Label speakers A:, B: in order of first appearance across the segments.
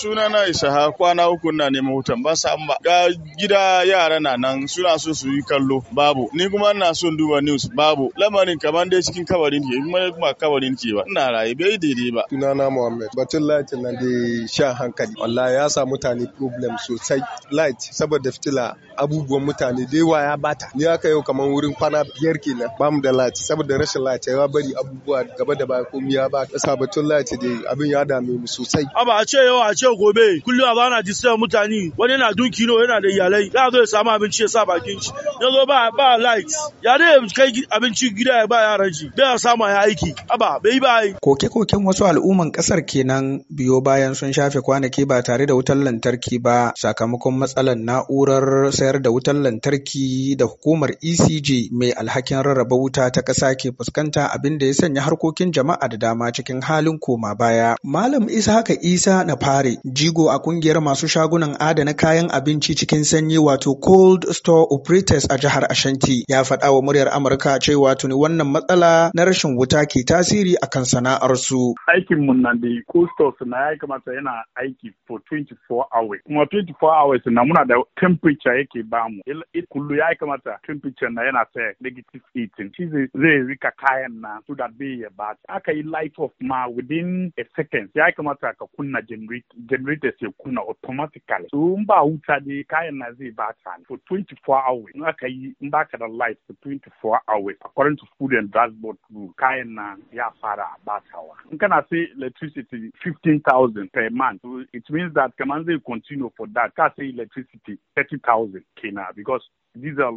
A: Suna na Sunana ha kwana uku na neman hutun ba samu ba. Ga gida yara na nan suna so su yi kallo babu. Ni kuma ina son duba news babu. Lamarin kamar dai cikin kabarin ke kuma kuma kabarin ke ba. Ina raye bai daidai ba. Sunana Muhammad. Batun light na dai shan hankali. Wallahi ya sa mutane problem sosai. Light saboda fitila abubuwan mutane da yawa ya bata ni aka yau kamar wurin kwana biyar kenan ba mu da lati saboda rashin lati ya bari abubuwa gaba da baya komai ya ba kasa batun lati dai abin ya dame mu sosai aba a ce yau a ce gobe kullum a bana disturb mutane wani na duki no yana da iyalai ya zo ya samu abinci ya sa bakin shi ya zo ba ba light ya dai kai abinci gida ya ba yaran shi bai samu ya aiki aba bai ba
B: koke koken wasu al'umman kasar kenan biyo bayan sun shafe kwanaki ba tare da wutar lantarki ba sakamakon matsalar na'urar sai sayar da wutar lantarki da hukumar ECG mai alhakin rarraba wuta ta ƙasa ke fuskanta abin da ya sanya harkokin jama'a da dama cikin halin koma baya. Malam Isa haka Isa na fare jigo a kungiyar masu shagunan adana kayan abinci cikin sanyi wato cold store operators a jihar Ashanti ya faɗa wa muryar Amurka cewa tuni wannan matsala na rashin wuta ke tasiri akan sana'arsu.
C: Aikin mun nan da cold stores na ya kamata yana aiki for 24 hours. Kuma 24 hours na muna da temperature yake ke ba mu kullu ya kamata temperature na yana ta negative 18 shi zai rika kayan na so that be a ba aka yi light off ma within a second ya kamata ka kunna generator sai kunna automatically so in ba wuta dai kayan na zai ba ta for 24 hours in aka yi in ba ka da light for 24 hours according to food and drug board rule kayan na ya fara batawa in kana sai electricity 15,000 per month so it means that kaman zai continue for that ka sai electricity 30,000 because these are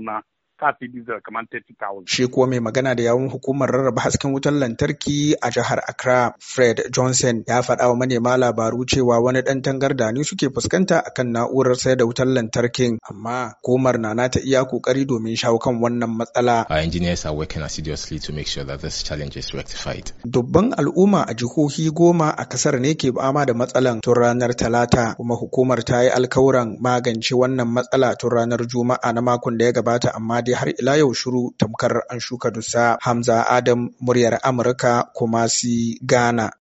C: ta diesel kamar 30,000.
B: Shi kuwa mai magana da yawun hukumar rarraba hasken wutar lantarki a jihar Accra, Fred Johnson ya faɗa wa manema labaru cewa wani ɗan tangarda ne suke fuskanta akan na'urar sayar da wutar lantarkin, amma komar na nata iya ƙoƙari domin shawo kan wannan matsala. Our engineers are working assiduously to make sure that Dubban al'umma a jihohi goma a kasar ne ke fama da matsalan tun ranar Talata, kuma hukumar ta yi alkawuran magance wannan matsala tun ranar Juma'a na makon da ya gabata amma dai har ila yau shiru tamkar an shuka dusa Hamza Adam muryar Amurka Kumasi Ghana